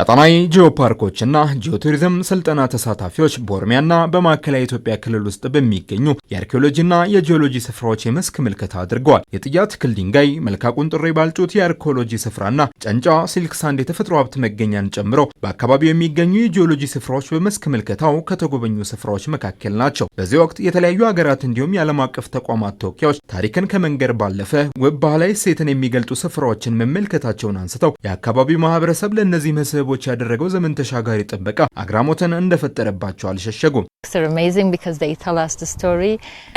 ቀጠናዊ ጂኦፓርኮችና ጂኦቱሪዝም ስልጠና ተሳታፊዎች በኦሮሚያና በማዕከላዊ ኢትዮጵያ ክልል ውስጥ በሚገኙ የአርኪኦሎጂና የጂኦሎጂ ስፍራዎች የመስክ ምልከታ አድርገዋል። የጥያ ትክል ድንጋይ፣ መልካ ቁንጥሬ፣ ባልጩት የአርኪኦሎጂ ስፍራና ጨንጫ ሲልክ ሳንድ የተፈጥሮ ሀብት መገኛን ጨምሮ በአካባቢው የሚገኙ የጂኦሎጂ ስፍራዎች በመስክ ምልከታው ከተጎበኙ ስፍራዎች መካከል ናቸው። በዚህ ወቅት የተለያዩ ሀገራት እንዲሁም የዓለም አቀፍ ተቋማት ተወካዮች ታሪክን ከመንገድ ባለፈ ውብ ባህላዊ እሴትን የሚገልጡ ስፍራዎችን መመልከታቸውን አንስተው የአካባቢው ማህበረሰብ ለእነዚህ መስህብ ግለሰቦች ያደረገው ዘመን ተሻጋሪ ጥበቃ አግራሞትን እንደፈጠረባቸው አልሸሸጉም።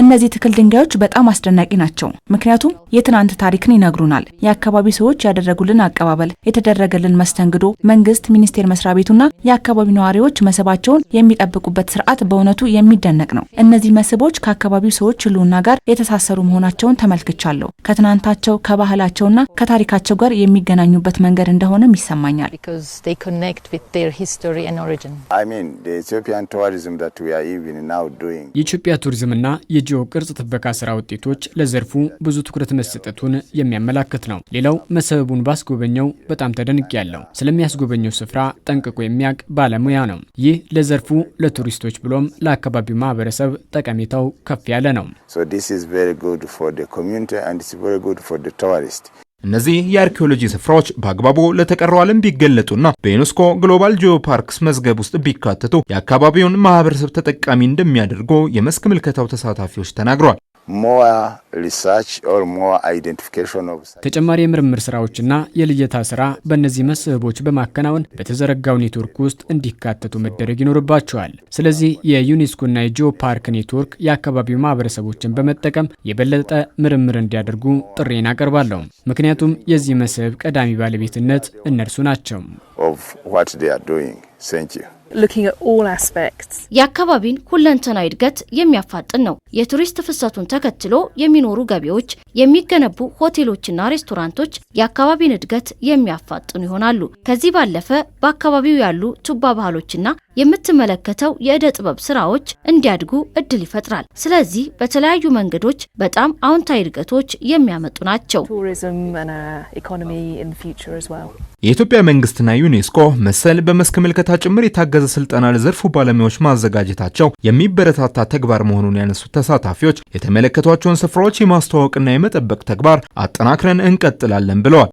እነዚህ ትክል ድንጋዮች በጣም አስደናቂ ናቸው፣ ምክንያቱም የትናንት ታሪክን ይነግሩናል። የአካባቢ ሰዎች ያደረጉልን አቀባበል፣ የተደረገልን መስተንግዶ፣ መንግስት፣ ሚኒስቴር መስሪያ ቤቱና የአካባቢ ነዋሪዎች መስህባቸውን የሚጠብቁበት ስርዓት በእውነቱ የሚደነቅ ነው። እነዚህ መስህቦች ከአካባቢው ሰዎች ህልውና ጋር የተሳሰሩ መሆናቸውን ተመልክቻለሁ። ከትናንታቸው ከባህላቸውና ከታሪካቸው ጋር የሚገናኙበት መንገድ እንደሆነም ይሰማኛል። የኢትዮጵያ ቱሪዝምና የጂኦ ቅርጽ ጥበቃ ስራ ውጤቶች ለዘርፉ ብዙ ትኩረት መሰጠቱን የሚያመላክት ነው። ሌላው መስህቡን ባስጎበኘው በጣም ተደንቅ ያለው ስለሚያስጎበኘው ስፍራ ጠንቅቆ የሚያውቅ ባለሙያ ነው። ይህ ለዘርፉ ለቱሪስቶች ብሎም ለአካባቢው ማህበረሰብ ጠቀሜታው ከፍ ያለ ነው። እነዚህ የአርኪኦሎጂ ስፍራዎች በአግባቡ ለተቀረው ዓለም ቢገለጡና በዩኔስኮ ግሎባል ጂኦፓርክስ መዝገብ ውስጥ ቢካተቱ የአካባቢውን ማህበረሰብ ተጠቃሚ እንደሚያደርጉ የመስክ ምልከታው ተሳታፊዎች ተናግረዋል። ተጨማሪ የምርምር ስራዎችና የልየታ ስራ በእነዚህ መስህቦች በማከናወን በተዘረጋው ኔትወርክ ውስጥ እንዲካተቱ መደረግ ይኖርባቸዋል። ስለዚህ የዩኔስኮና የጂኦ ፓርክ ኔትወርክ የአካባቢው ማህበረሰቦችን በመጠቀም የበለጠ ምርምር እንዲያደርጉ ጥሬን አቀርባለሁ። ምክንያቱም የዚህ መስህብ ቀዳሚ ባለቤትነት እነርሱ ናቸው። የአካባቢን ሁለንተና እድገት የሚያፋጥን ነው። የቱሪስት ፍሰቱን ተከትሎ የሚኖሩ ገቢዎች፣ የሚገነቡ ሆቴሎችና ሬስቶራንቶች የአካባቢን እድገት የሚያፋጥኑ ይሆናሉ። ከዚህ ባለፈ በአካባቢው ያሉ ቱባ ባህሎችና የምትመለከተው የእደ ጥበብ ስራዎች እንዲያድጉ እድል ይፈጥራል። ስለዚህ በተለያዩ መንገዶች በጣም አዎንታዊ እድገቶች የሚያመጡ ናቸው። uh, የኢትዮጵያ መንግስትና ዩኔስኮ መሰል በመስክ ምልከታ ጭምር የታገዘ ስልጠና ለዘርፉ ባለሙያዎች ማዘጋጀታቸው የሚበረታታ ተግባር መሆኑን ያነሱት ተሳታፊዎች የተመለከቷቸውን ስፍራዎች የማስተዋወቅና የመጠበቅ ተግባር አጠናክረን እንቀጥላለን ብለዋል።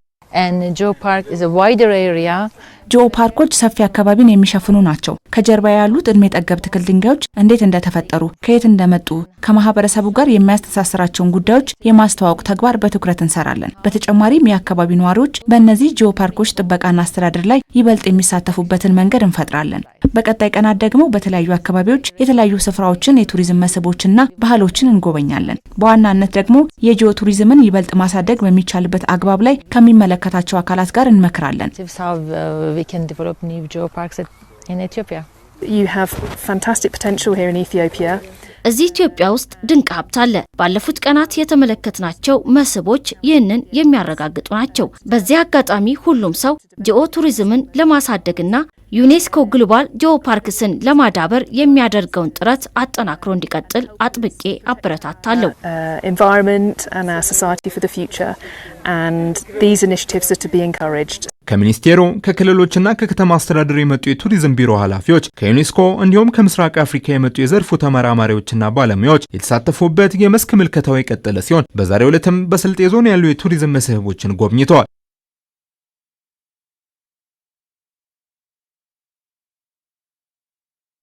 ጂኦ ፓርኮች ሰፊ አካባቢን የሚሸፍኑ ናቸው። ከጀርባ ያሉት እድሜ ጠገብ ትክል ድንጋዮች እንዴት እንደተፈጠሩ፣ ከየት እንደመጡ፣ ከማህበረሰቡ ጋር የሚያስተሳስራቸውን ጉዳዮች የማስተዋወቅ ተግባር በትኩረት እንሰራለን። በተጨማሪም የአካባቢ ነዋሪዎች በእነዚህ ጂኦ ፓርኮች ጥበቃና አስተዳደር ላይ ይበልጥ የሚሳተፉበትን መንገድ እንፈጥራለን። በቀጣይ ቀናት ደግሞ በተለያዩ አካባቢዎች የተለያዩ ስፍራዎችን፣ የቱሪዝም መስህቦችና ባህሎችን እንጎበኛለን። በዋናነት ደግሞ የጂኦ ቱሪዝምን ይበልጥ ማሳደግ በሚቻልበት አግባብ ላይ ከሚመለከታቸው አካላት ጋር እንመክራለን። we can develop new geoparks in Ethiopia. You have fantastic potential here in Ethiopia. እዚህ ኢትዮጵያ ውስጥ ድንቅ ሀብት አለ። ባለፉት ቀናት የተመለከትናቸው መስህቦች ይህንን የሚያረጋግጡ ናቸው። በዚህ አጋጣሚ ሁሉም ሰው ጂኦ ቱሪዝምን ለማሳደግና ዩኔስኮ ግሎባል ጂኦፓርክስን ለማዳበር የሚያደርገውን ጥረት አጠናክሮ እንዲቀጥል አጥብቄ አበረታታለሁ። ኢንቫይሮንመንት አንድ ሶሳይቲ ፎር ዘ ፊውቸር አንድ ዚዝ ኢኒሺዬቲቭስ አር ቱ ቢ ኢንካሬጅድ ከሚኒስቴሩ ከክልሎችና ከከተማ አስተዳደር የመጡ የቱሪዝም ቢሮ ኃላፊዎች ከዩኔስኮ እንዲሁም ከምስራቅ አፍሪካ የመጡ የዘርፉ ተመራማሪዎችና ባለሙያዎች የተሳተፉበት የመስክ ምልከታው የቀጠለ ሲሆን በዛሬው ዕለትም በስልጤ ዞን ያሉ የቱሪዝም መስህቦችን ጎብኝተዋል።